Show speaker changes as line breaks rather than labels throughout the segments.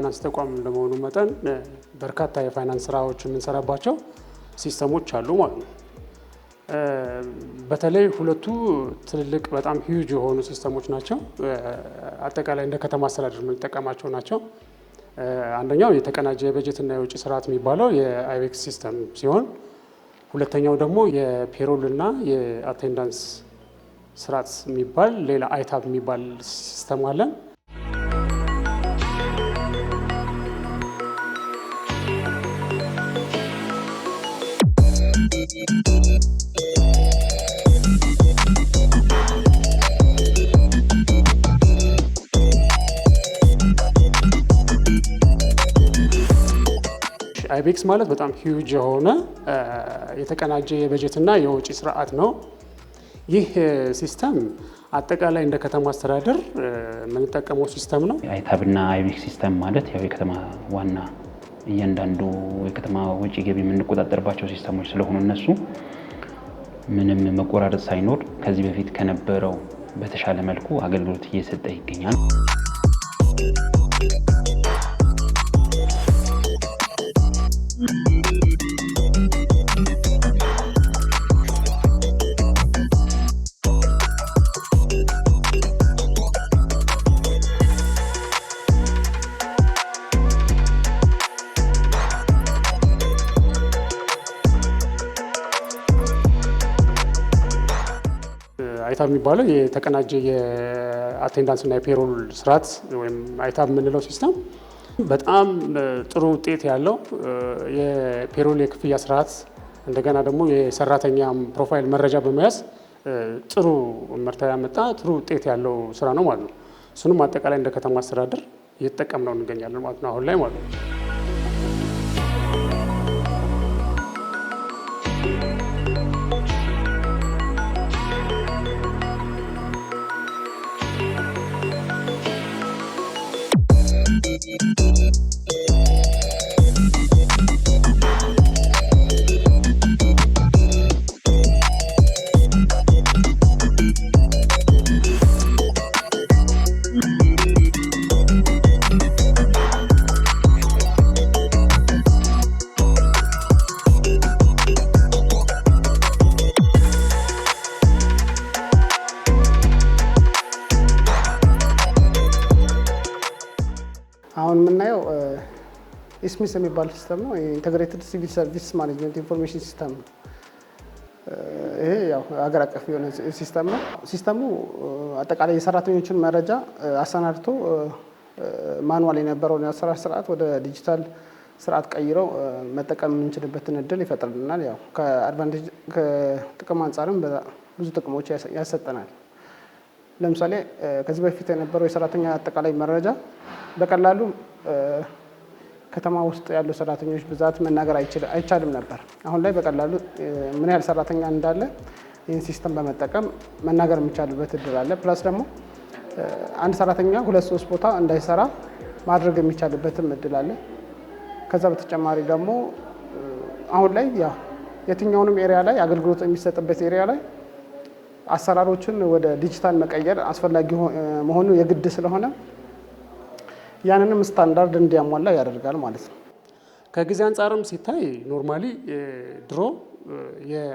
የፋይናንስ ተቋም እንደመሆኑ መጠን በርካታ የፋይናንስ ስራዎች የምንሰራባቸው ሲስተሞች አሉ ማለት ነው። በተለይ ሁለቱ ትልልቅ በጣም ሂዩጅ የሆኑ ሲስተሞች ናቸው። አጠቃላይ እንደ ከተማ አስተዳደር የምንጠቀማቸው ናቸው። አንደኛው የተቀናጀ የበጀትና የውጭ ስርዓት የሚባለው የአይቤክስ ሲስተም ሲሆን ሁለተኛው ደግሞ የፔሮልና የአቴንዳንስ ስርዓት የሚባል ሌላ አይታብ የሚባል ሲስተም አለን። አይቤክስ ማለት በጣም ሂውጅ የሆነ የተቀናጀ የበጀትና የወጪ ስርዓት ነው። ይህ ሲስተም አጠቃላይ እንደ ከተማ አስተዳደር የምንጠቀመው ሲስተም ነው።
አይታብና አይቤክስ ሲስተም ማለት ያው የከተማ ዋና እያንዳንዱ የከተማ ወጪ ገቢ የምንቆጣጠርባቸው ሲስተሞች ስለሆኑ እነሱ ምንም መቆራረጥ ሳይኖር ከዚህ በፊት ከነበረው በተሻለ መልኩ አገልግሎት እየሰጠ ይገኛል።
አይታ የሚባለው የተቀናጀ የአቴንዳንስ እና የፔሮል ስርዓት ወይም አይታ የምንለው ሲስተም በጣም ጥሩ ውጤት ያለው የፔሮል የክፍያ ስርዓት እንደገና ደግሞ የሰራተኛ ፕሮፋይል መረጃ በመያዝ ጥሩ ምርታ ያመጣ ጥሩ ውጤት ያለው ስራ ነው ማለት ነው። እሱንም አጠቃላይ እንደ ከተማ አስተዳደር እየተጠቀምነው እንገኛለን ማለት ነው አሁን ላይ ማለት ነው። አሁን የምናየው ኢስሚስ የሚባል ሲስተም ነው። ኢንተግሬትድ ሲቪል ሰርቪስ ማኔጅመንት ኢንፎርሜሽን ሲስተም ነው። ይሄ ያው ሀገር አቀፍ የሆነ ሲስተም ነው። ሲስተሙ አጠቃላይ የሰራተኞችን መረጃ አሰናድቶ ማንዋል የነበረውን የአሰራር ስርዓት ወደ ዲጂታል ስርዓት ቀይረው መጠቀም የምንችልበትን እድል ይፈጥርልናል። ያው ከአድቫንቴጅ ከጥቅም አንጻርም ብዙ ጥቅሞች ያሰጠናል። ለምሳሌ ከዚህ በፊት የነበረው የሰራተኛ አጠቃላይ መረጃ በቀላሉ ከተማ ውስጥ ያሉ ሰራተኞች ብዛት መናገር አይቻልም ነበር። አሁን ላይ በቀላሉ ምን ያህል ሰራተኛ እንዳለ ይህን ሲስተም በመጠቀም መናገር የሚቻልበት እድል አለ። ፕላስ ደግሞ አንድ ሰራተኛ ሁለት ሶስት ቦታ እንዳይሰራ ማድረግ የሚቻልበትም እድል አለ። ከዛ በተጨማሪ ደግሞ አሁን ላይ ያ የትኛውንም ኤሪያ ላይ አገልግሎት የሚሰጥበት ኤሪያ ላይ አሰራሮችን ወደ ዲጂታል መቀየር አስፈላጊ መሆኑ የግድ ስለሆነ ያንንም ስታንዳርድ እንዲያሟላ ያደርጋል ማለት ነው። ከጊዜ አንጻርም ሲታይ ኖርማሊ ድሮ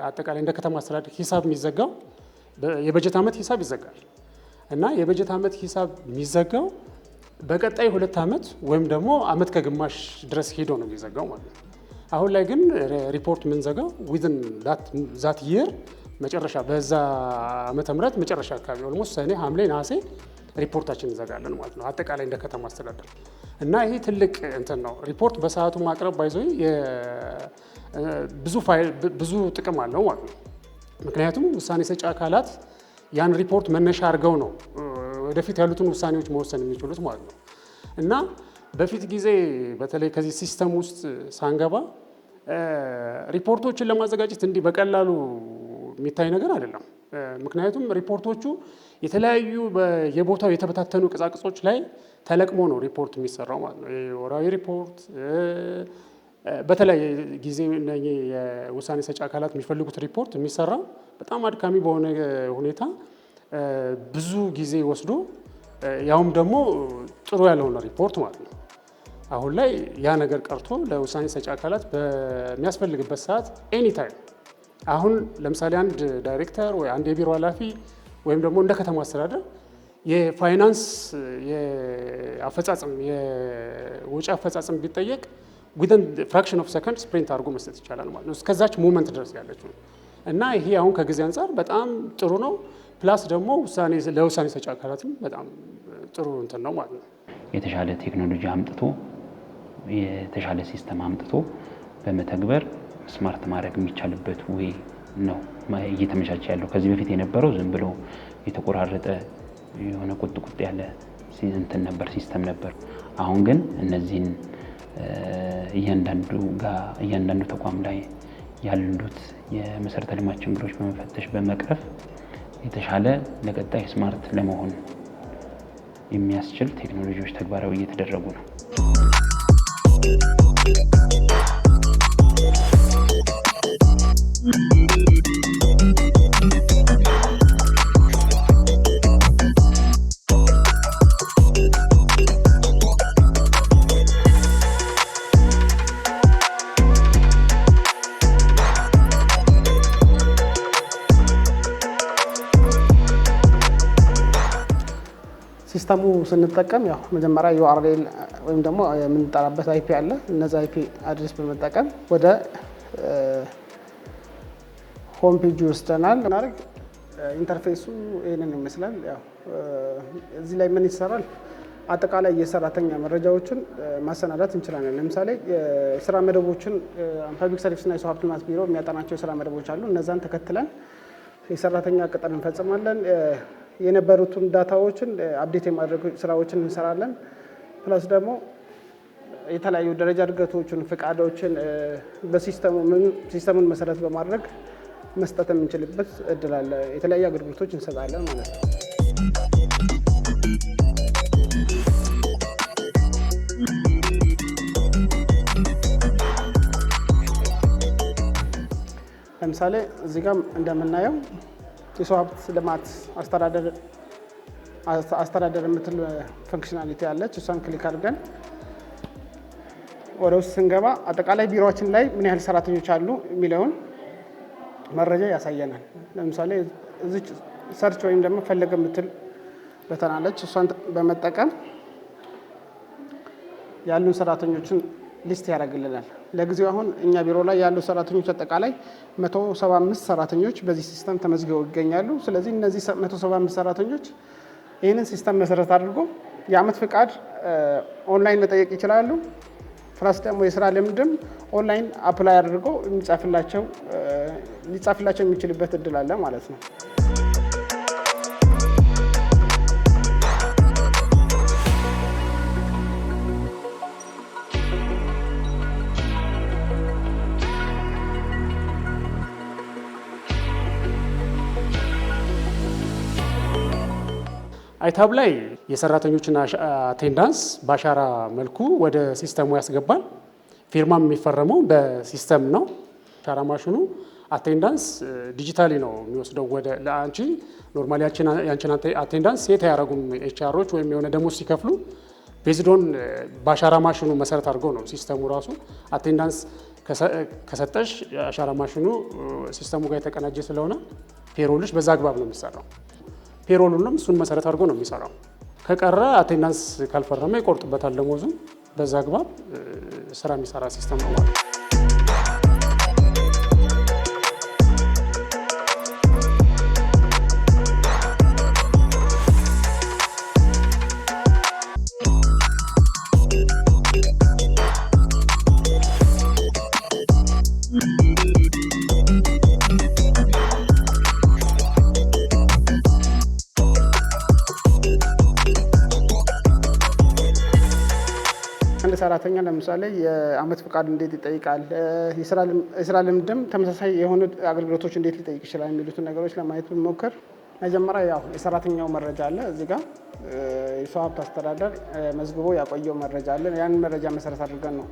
አጠቃላይ እንደ ከተማ አስተዳደር ሂሳብ የሚዘጋው የበጀት ዓመት ሂሳብ ይዘጋል እና የበጀት ዓመት ሂሳብ የሚዘጋው በቀጣይ ሁለት ዓመት ወይም ደግሞ ዓመት ከግማሽ ድረስ ሄዶ ነው የሚዘጋው ማለት ነው። አሁን ላይ ግን ሪፖርት የምንዘጋው ዊዝን ዛት ይር መጨረሻ በዛ ዓመተ ምህረት መጨረሻ አካባቢ ኦልሞስት ሰኔ፣ ሐምሌ፣ ነሐሴ ሪፖርታችን እንዘጋለን ማለት ነው። አጠቃላይ እንደ ከተማ አስተዳደር እና ይሄ ትልቅ እንትን ነው። ሪፖርት በሰዓቱ ማቅረብ ባይዞ ብዙ ፋይል ብዙ ጥቅም አለው ማለት ነው። ምክንያቱም ውሳኔ ሰጪ አካላት ያን ሪፖርት መነሻ አድርገው ነው ወደፊት ያሉትን ውሳኔዎች መወሰን የሚችሉት ማለት ነው እና በፊት ጊዜ በተለይ ከዚህ ሲስተም ውስጥ ሳንገባ ሪፖርቶችን ለማዘጋጀት እንዲህ በቀላሉ የሚታይ ነገር አይደለም። ምክንያቱም ሪፖርቶቹ የተለያዩ የቦታው የተበታተኑ ቅጻቅጾች ላይ ተለቅሞ ነው ሪፖርት የሚሰራው ማለት ነው። የወራዊ ሪፖርት በተለያየ ጊዜ የውሳኔ ሰጪ አካላት የሚፈልጉት ሪፖርት የሚሰራው በጣም አድካሚ በሆነ ሁኔታ ብዙ ጊዜ ወስዶ ያውም ደግሞ ጥሩ ያልሆነ ሪፖርት ማለት ነው። አሁን ላይ ያ ነገር ቀርቶ ለውሳኔ ሰጪ አካላት በሚያስፈልግበት ሰዓት ኤኒታይም አሁን ለምሳሌ አንድ ዳይሬክተር ወይ አንድ የቢሮ ኃላፊ ወይም ደግሞ እንደ ከተማ አስተዳደር የፋይናንስ አፈጻጸም የውጭ አፈጻጸም ቢጠየቅ ዊን ፍራክሽን ኦፍ ሰከንድ ስፕሪንት አድርጎ መስጠት ይቻላል ማለት ነው። እስከዛች ሞመንት ድረስ ያለችው እና ይሄ አሁን ከጊዜ አንጻር በጣም ጥሩ ነው። ፕላስ ደግሞ ውሳኔ ለውሳኔ ሰጪ አካላትም በጣም ጥሩ እንትን ነው ማለት ነው።
የተሻለ ቴክኖሎጂ አምጥቶ የተሻለ ሲስተም አምጥቶ በመተግበር ስማርት ማድረግ የሚቻልበት ወይ ነው እየተመቻቸ ያለው። ከዚህ በፊት የነበረው ዝም ብሎ የተቆራረጠ የሆነ ቁጥ ቁጥ ያለ እንትን ነበር ሲስተም ነበር። አሁን ግን እነዚህን እያንዳንዱ ተቋም ላይ ያሉት የመሰረተ ልማት ችግሮች በመፈተሽ በመቅረፍ የተሻለ ለቀጣይ ስማርት ለመሆን የሚያስችል ቴክኖሎጂዎች ተግባራዊ እየተደረጉ ነው።
ሲስተሙ ስንጠቀም ያው መጀመሪያ ዩአርኤል ወይም ደግሞ የምንጠራበት አይፒ አለ። እነዚ አይፒ አድሬስ በመጠቀም ወደ ሆም ፔጅ ይወስደናል። ናርግ ኢንተርፌሱ ይህንን ይመስላል። ያው እዚህ ላይ ምን ይሰራል? አጠቃላይ የሰራተኛ መረጃዎችን ማሰናዳት እንችላለን። ለምሳሌ የስራ መደቦችን ፐብሊክ ሰርቪስና የሰው ሀብት ልማት ቢሮ የሚያጠናቸው የስራ መደቦች አሉ። እነዛን ተከትለን የሰራተኛ ቅጥር እንፈጽማለን። የነበሩትን ዳታዎችን አብዴት የማድረግ ስራዎችን እንሰራለን። ፕላስ ደግሞ የተለያዩ ደረጃ እድገቶችን፣ ፍቃዶችን በሲስተሙን መሰረት በማድረግ መስጠት የምንችልበት እድል አለ። የተለያዩ አገልግሎቶች እንሰጣለን ማለት ነው። ለምሳሌ እዚህ ጋር እንደምናየው የሰው ሀብት ልማት አስተዳደር የምትል ፈንክሽናሊቲ ያለች እሷን ክሊክ አድርገን ወደ ውስጥ ስንገባ አጠቃላይ ቢሮችን ላይ ምን ያህል ሰራተኞች አሉ የሚለውን መረጃ ያሳየናል። ለምሳሌ እዚች ሰርች ወይም ደግሞ ፈለገ የምትል በተናለች እሷን በመጠቀም ያሉን ሰራተኞችን ሊስት ያደርግልናል። ለጊዜው አሁን እኛ ቢሮ ላይ ያሉ ሰራተኞች አጠቃላይ 175 ሰራተኞች በዚህ ሲስተም ተመዝግበው ይገኛሉ። ስለዚህ እነዚህ 175 ሰራተኞች ይህንን ሲስተም መሰረት አድርጎ የአመት ፍቃድ ኦንላይን መጠየቅ ይችላሉ። ፕላስ ደግሞ የስራ ልምድም ኦንላይን አፕላይ አድርጎ ሊጻፍላቸው የሚችልበት እድል አለ ማለት ነው። አይታብ ላይ የሰራተኞችን አቴንዳንስ በአሻራ መልኩ ወደ ሲስተሙ ያስገባል። ፊርማም የሚፈረመው በሲስተም ነው። አሻራ ማሽኑ አቴንዳንስ ዲጂታሊ ነው የሚወስደው ወደ ለአንቺ ኖርማሊ ያንቺን አቴንዳንስ ሴት አያደርጉም ኤችአሮች ወይም የሆነ ደሞዝ ሲከፍሉ ቤዝዶን በአሻራ ማሽኑ መሰረት አድርገው ነው ሲስተሙ ራሱ አቴንዳንስ ከሰጠሽ አሻራ ማሽኑ ሲስተሙ ጋር የተቀናጀ ስለሆነ ፔሮልሽ በዛ አግባብ ነው የሚሰራው። ፔሮል ሁሉም እሱን መሰረት አድርጎ ነው የሚሰራው። ከቀረ አቴንዳንስ ካልፈረመ ይቆርጥበታል ደሞዙ። በዛ አግባብ ስራ የሚሰራ ሲስተም ነው ማለት ሰራተኛ ለምሳሌ የአመት ፍቃድ እንዴት ይጠይቃል፣ የስራ ልምድም ተመሳሳይ የሆኑ አገልግሎቶች እንዴት ሊጠይቅ ይችላል የሚሉትን ነገሮች ለማየት ብንሞክር መጀመሪያ ያው የሰራተኛው መረጃ አለ እዚህ ጋር የሰው ሀብት አስተዳደር መዝግቦ ያቆየው መረጃ አለ። ያንን መረጃ መሰረት አድርገን ነው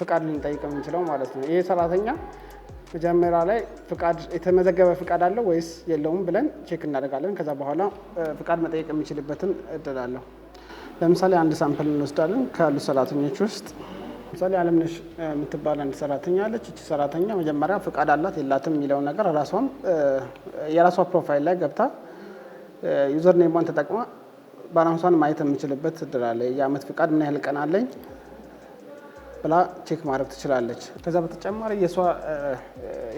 ፍቃድ ልንጠይቅ የምንችለው ማለት ነው። ይሄ ሰራተኛ መጀመሪያ ላይ ፍቃድ የተመዘገበ ፍቃድ አለው ወይስ የለውም ብለን ቼክ እናደርጋለን። ከዛ በኋላ ፍቃድ መጠየቅ የሚችልበትን እድል አለው። ለምሳሌ አንድ ሳምፕል እንወስዳለን ካሉ ሰራተኞች ውስጥ ለምሳሌ አለምነሽ የምትባል አንድ ሰራተኛ አለች። እቺ ሰራተኛ መጀመሪያ ፍቃድ አላት የላትም የሚለውን ነገር ራሷም የራሷ ፕሮፋይል ላይ ገብታ ዩዘር ኔሟን ተጠቅማ ባላንሷን ማየት የምችልበት እድል አለ። የአመት ፍቃድ ምን ያህል ቀን አለኝ ብላ ቼክ ማድረግ ትችላለች። ከዛ በተጨማሪ የእሷ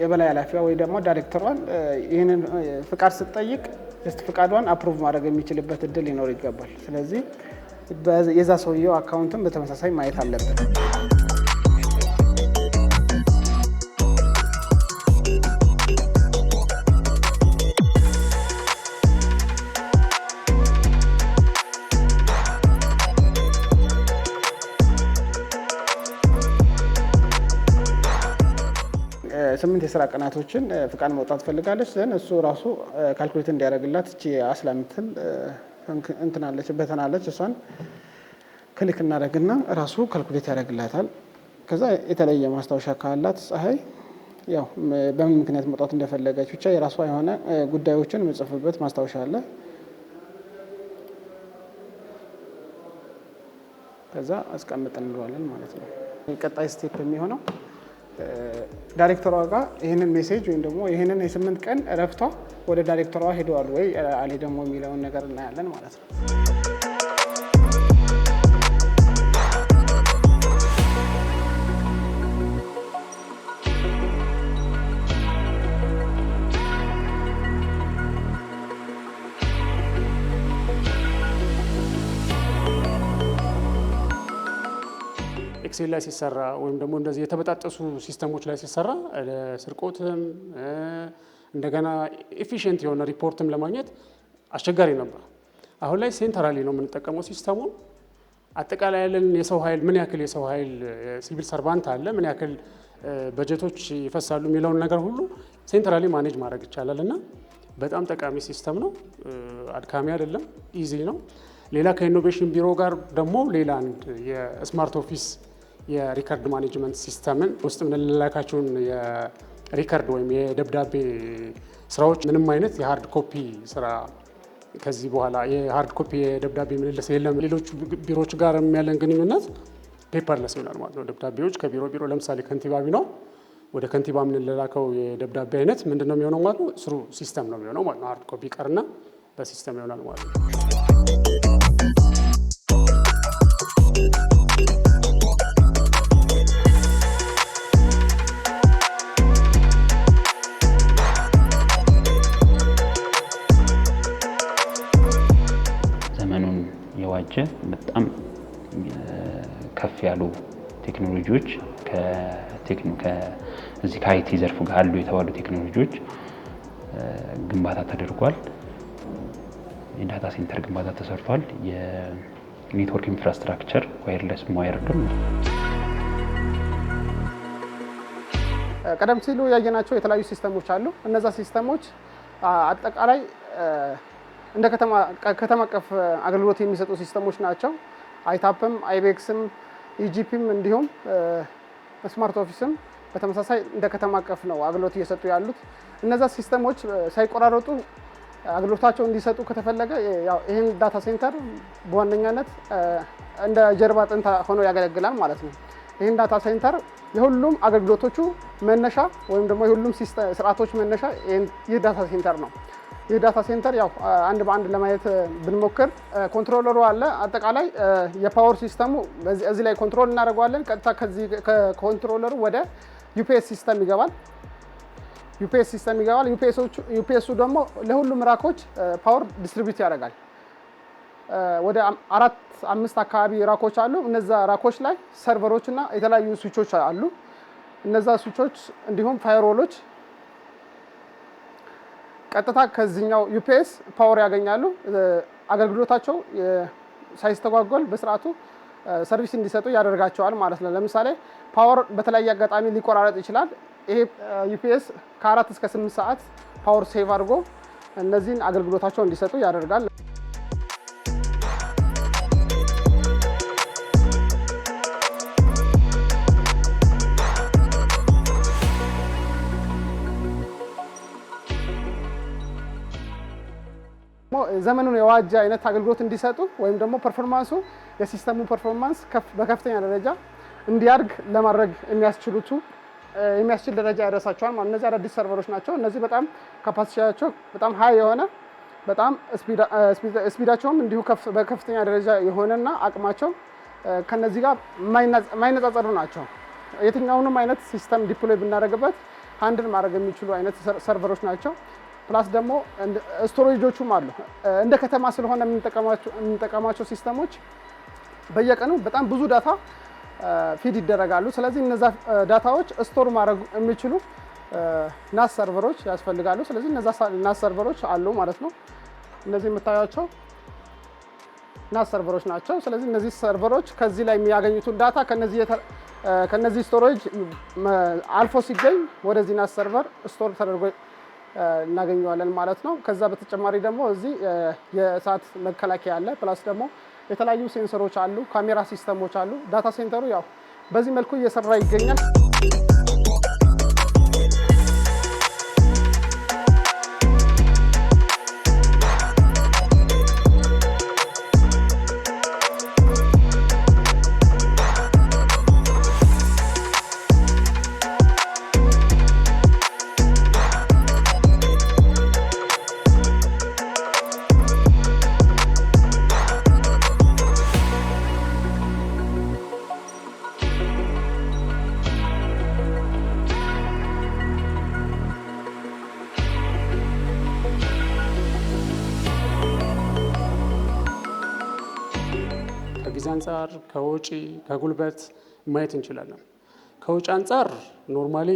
የበላይ ኃላፊዋ ወይ ደግሞ ዳይሬክተሯን ይህንን ፍቃድ ስትጠይቅ ስ ፍቃዷን አፕሩቭ ማድረግ የሚችልበት እድል ሊኖር ይገባል። ስለዚህ የዛ ሰውየው አካውንትን በተመሳሳይ ማየት አለብን። ስምንት የስራ ቀናቶችን ፍቃድ መውጣት ትፈልጋለች። ዘን እሱ ራሱ ካልኩሌት እንዲያደርግላት እቺ አስላምትል እንትናለች በተናለች እሷን ክሊክ እናደረግና ራሱ ከልኩሌት ያደርግላታል። ከዛ የተለየ ማስታወሻ ካላት ፀሐይ ያው በምን ምክንያት መውጣት እንደፈለገች ብቻ የራሷ የሆነ ጉዳዮችን የምጽፍበት ማስታወሻ አለ። ከዛ አስቀምጥ እንለዋለን ማለት ነው። ቀጣይ ስቴፕ የሚሆነው ዳይሬክተሯ ጋር ይህንን ሜሴጅ ወይም ደግሞ ይህንን የስምንት ቀን እረፍቷ ወደ ዳይሬክተሯ ሄደዋል ወይ አሌ ደግሞ የሚለውን ነገር እናያለን ማለት ነው። ኤክሴል ላይ ሲሰራ ወይም ደግሞ እንደዚህ የተበጣጠሱ ሲስተሞች ላይ ሲሰራ ለስርቆትም እንደገና ኤፊሽንት የሆነ ሪፖርትም ለማግኘት አስቸጋሪ ነበር። አሁን ላይ ሴንትራሊ ነው የምንጠቀመው ሲስተሙን። አጠቃላይ ያለን የሰው ኃይል ምን ያክል የሰው ኃይል ሲቪል ሰርቫንት አለ፣ ምን ያክል በጀቶች ይፈሳሉ የሚለውን ነገር ሁሉ ሴንትራሊ ማኔጅ ማድረግ ይቻላል እና በጣም ጠቃሚ ሲስተም ነው። አድካሚ አይደለም፣ ኢዚ ነው። ሌላ ከኢኖቬሽን ቢሮ ጋር ደግሞ ሌላ አንድ የስማርት ኦፊስ የሪከርድ ማኔጅመንት ሲስተምን ውስጥ የምንላካቸውን የሪከርድ ወይም የደብዳቤ ስራዎች ምንም አይነት የሀርድ ኮፒ ስራ ከዚህ በኋላ የሀርድ ኮፒ የደብዳቤ ምልልስ የለም። ሌሎቹ ቢሮዎች ጋር የሚያለን ግንኙነት ፔፐርለስ ይሆናል ማለት ነው። ደብዳቤዎች ከቢሮ ቢሮ፣ ለምሳሌ ከንቲባ ቢኖር ወደ ከንቲባ የምንላከው የደብዳቤ አይነት ምንድን ነው የሚሆነው ማለት ነው? ስሩ ሲስተም ነው የሚሆነው ማለት ነው። ሀርድ ኮፒ ቀርና በሲስተም ይሆናል ማለት ነው።
ቴክኖሎጂዎች እዚህ ከአይቲ ዘርፉ ጋር አሉ የተባሉ ቴክኖሎጂዎች ግንባታ ተደርጓል። የዳታ ሴንተር ግንባታ ተሰርቷል። የኔትወርክ ኢንፍራስትራክቸር ዋይርለስ ዋይርድም
ቀደም ሲሉ ያየናቸው የተለያዩ ሲስተሞች አሉ። እነዛ ሲስተሞች አጠቃላይ እንደ ከተማ አቀፍ አገልግሎት የሚሰጡ ሲስተሞች ናቸው። አይታፕም አይቤክስም ኢጂፒም እንዲሁም ስማርት ኦፊስም በተመሳሳይ እንደ ከተማ አቀፍ ነው አገልግሎት እየሰጡ ያሉት። እነዛ ሲስተሞች ሳይቆራረጡ አገልግሎታቸው እንዲሰጡ ከተፈለገ ይህን ዳታ ሴንተር በዋነኛነት እንደ ጀርባ አጥንት ሆኖ ያገለግላል ማለት ነው። ይህን ዳታ ሴንተር የሁሉም አገልግሎቶቹ መነሻ ወይም ደግሞ የሁሉም ስርዓቶች መነሻ ይህ ዳታ ሴንተር ነው። ይህ ዳታ ሴንተር ያው አንድ በአንድ ለማየት ብንሞክር ኮንትሮለሩ አለ። አጠቃላይ የፓወር ሲስተሙ እዚህ ላይ ኮንትሮል እናደርገዋለን። ቀጥታ ከኮንትሮለሩ ወደ ዩፒኤስ ሲስተም ይገባል። ዩፒኤስ ሲስተም ይገባል። ዩፒኤሱ ደግሞ ለሁሉም ራኮች ፓወር ዲስትሪቢዩት ያደርጋል። ወደ አራት አምስት አካባቢ ራኮች አሉ። እነዛ ራኮች ላይ ሰርቨሮች እና የተለያዩ ስዊቾች አሉ። እነዛ ስዊቾች እንዲሁም ፋይሮሎች ቀጥታ ከዚህኛው ዩፒኤስ ፓወር ያገኛሉ። አገልግሎታቸው ሳይስተጓጎል በስርዓቱ ሰርቪስ እንዲሰጡ ያደርጋቸዋል ማለት ነው። ለምሳሌ ፓወር በተለያየ አጋጣሚ ሊቆራረጥ ይችላል። ይሄ ዩፒኤስ ከአራት እስከ ስምንት ሰዓት ፓወር ሴቭ አድርጎ እነዚህን አገልግሎታቸው እንዲሰጡ ያደርጋል። ዘመኑን የዋጀ አይነት አገልግሎት እንዲሰጡ ወይም ደግሞ ፐርፎርማንሱ የሲስተሙ ፐርፎርማንስ በከፍተኛ ደረጃ እንዲያድግ ለማድረግ የሚያስችሉቱ የሚያስችል ደረጃ ያደረሳቸዋል ማለት እነዚህ አዳዲስ ሰርቨሮች ናቸው። እነዚህ በጣም ካፓሲቲያቸው በጣም ሀይ የሆነ በጣም ስፒዳቸውም እንዲሁ በከፍተኛ ደረጃ የሆነና አቅማቸው ከነዚህ ጋር የማይነጻጸሩ ናቸው። የትኛውንም አይነት ሲስተም ዲፕሎይ ብናደርግበት አንድን ማድረግ የሚችሉ አይነት ሰርቨሮች ናቸው። ፕላስ ደግሞ ስቶሬጆቹም አሉ። እንደ ከተማ ስለሆነ የምንጠቀማቸው ሲስተሞች በየቀኑ በጣም ብዙ ዳታ ፊድ ይደረጋሉ። ስለዚህ እነዛ ዳታዎች ስቶር ማድረግ የሚችሉ ናስ ሰርቨሮች ያስፈልጋሉ። ስለዚህ እነዛ ናስ ሰርቨሮች አሉ ማለት ነው። እነዚህ የምታዩቸው ናስ ሰርቨሮች ናቸው። ስለዚህ እነዚህ ሰርቨሮች ከዚህ ላይ የሚያገኙትን ዳታ ከነዚህ ስቶሬጅ አልፎ ሲገኝ ወደዚህ ናስ ሰርቨር ስቶር ተደርጎ እናገኘዋለን ማለት ነው። ከዛ በተጨማሪ ደግሞ እዚህ የእሳት መከላከያ አለ። ፕላስ ደግሞ የተለያዩ ሴንሰሮች አሉ፣ ካሜራ ሲስተሞች አሉ። ዳታ ሴንተሩ ያው በዚህ መልኩ እየሰራ ይገኛል። አንጻር ከወጪ ከጉልበት ማየት እንችላለን። ከውጭ አንጻር ኖርማሊ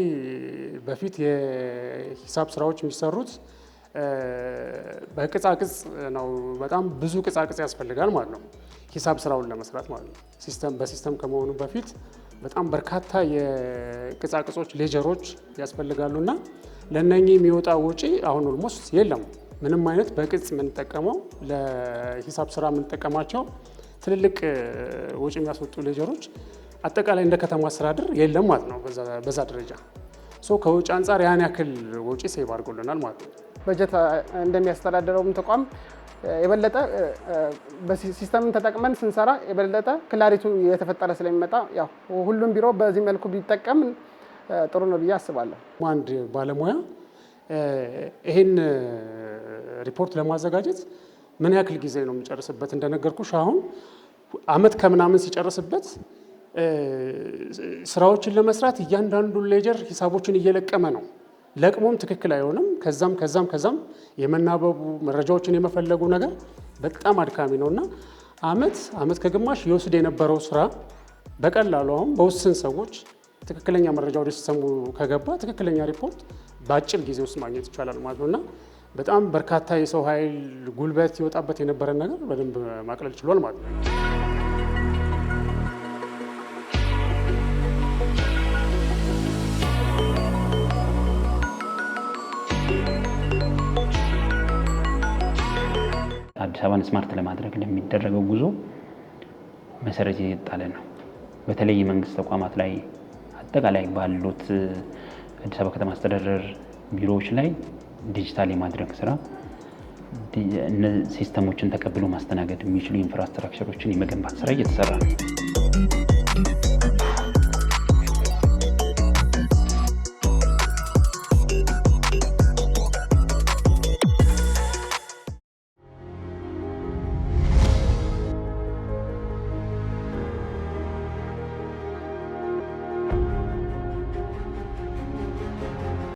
በፊት የሂሳብ ስራዎች የሚሰሩት በቅጻቅጽ ነው። በጣም ብዙ ቅጻቅጽ ያስፈልጋል ማለት ነው፣ ሂሳብ ስራውን ለመስራት ማለት ነው። ሲስተም በሲስተም ከመሆኑ በፊት በጣም በርካታ የቅጻቅጾች ሌጀሮች ያስፈልጋሉ እና ለእነኚህ የሚወጣ ወጪ አሁን ኦልሞስት የለም። ምንም አይነት በቅጽ የምንጠቀመው ለሂሳብ ስራ የምንጠቀማቸው ትልልቅ ወጪ የሚያስወጡ ሌጀሮች አጠቃላይ እንደ ከተማ አስተዳደር የለም ማለት ነው። በዛ ደረጃ ከውጭ አንጻር ያን ያክል ወጪ ሴቭ አድርጎልናል ማለት ነው። በጀት እንደሚያስተዳደረውም ተቋም የበለጠ በሲስተምን ተጠቅመን ስንሰራ የበለጠ ክላሪቱ የተፈጠረ ስለሚመጣ ያው ሁሉም ቢሮ በዚህ መልኩ ቢጠቀም ጥሩ ነው ብዬ አስባለሁ። አንድ ባለሙያ ይህን ሪፖርት ለማዘጋጀት ምን ያክል ጊዜ ነው የሚጨርስበት? እንደነገርኩሽ አሁን አመት ከምናምን ሲጨርስበት ስራዎችን ለመስራት እያንዳንዱን ሌጀር ሂሳቦችን እየለቀመ ነው። ለቅሞም ትክክል አይሆንም። ከዛም ከዛም ከዛም የመናበቡ መረጃዎችን የመፈለጉ ነገር በጣም አድካሚ ነው እና አመት አመት ከግማሽ የወስድ የነበረው ስራ በቀላሉ አሁን በውስን ሰዎች ትክክለኛ መረጃ ወደ ሲስተሙ ከገባ ትክክለኛ ሪፖርት በአጭር ጊዜ ውስጥ ማግኘት ይቻላል ማለት ነው እና በጣም በርካታ የሰው ኃይል ጉልበት ይወጣበት የነበረን ነገር በደንብ ማቅለል ችሏል ማለት ነው።
አዲስ አበባን ስማርት ለማድረግ ለሚደረገው ጉዞ መሰረት የተጣለ ነው። በተለይ የመንግስት ተቋማት ላይ አጠቃላይ ባሉት አዲስ አበባ ከተማ አስተዳደር ቢሮዎች ላይ ዲጂታል የማድረግ ስራ ሲስተሞችን ተቀብሎ ማስተናገድ የሚችሉ ኢንፍራስትራክቸሮችን የመገንባት ስራ እየተሰራ ነው።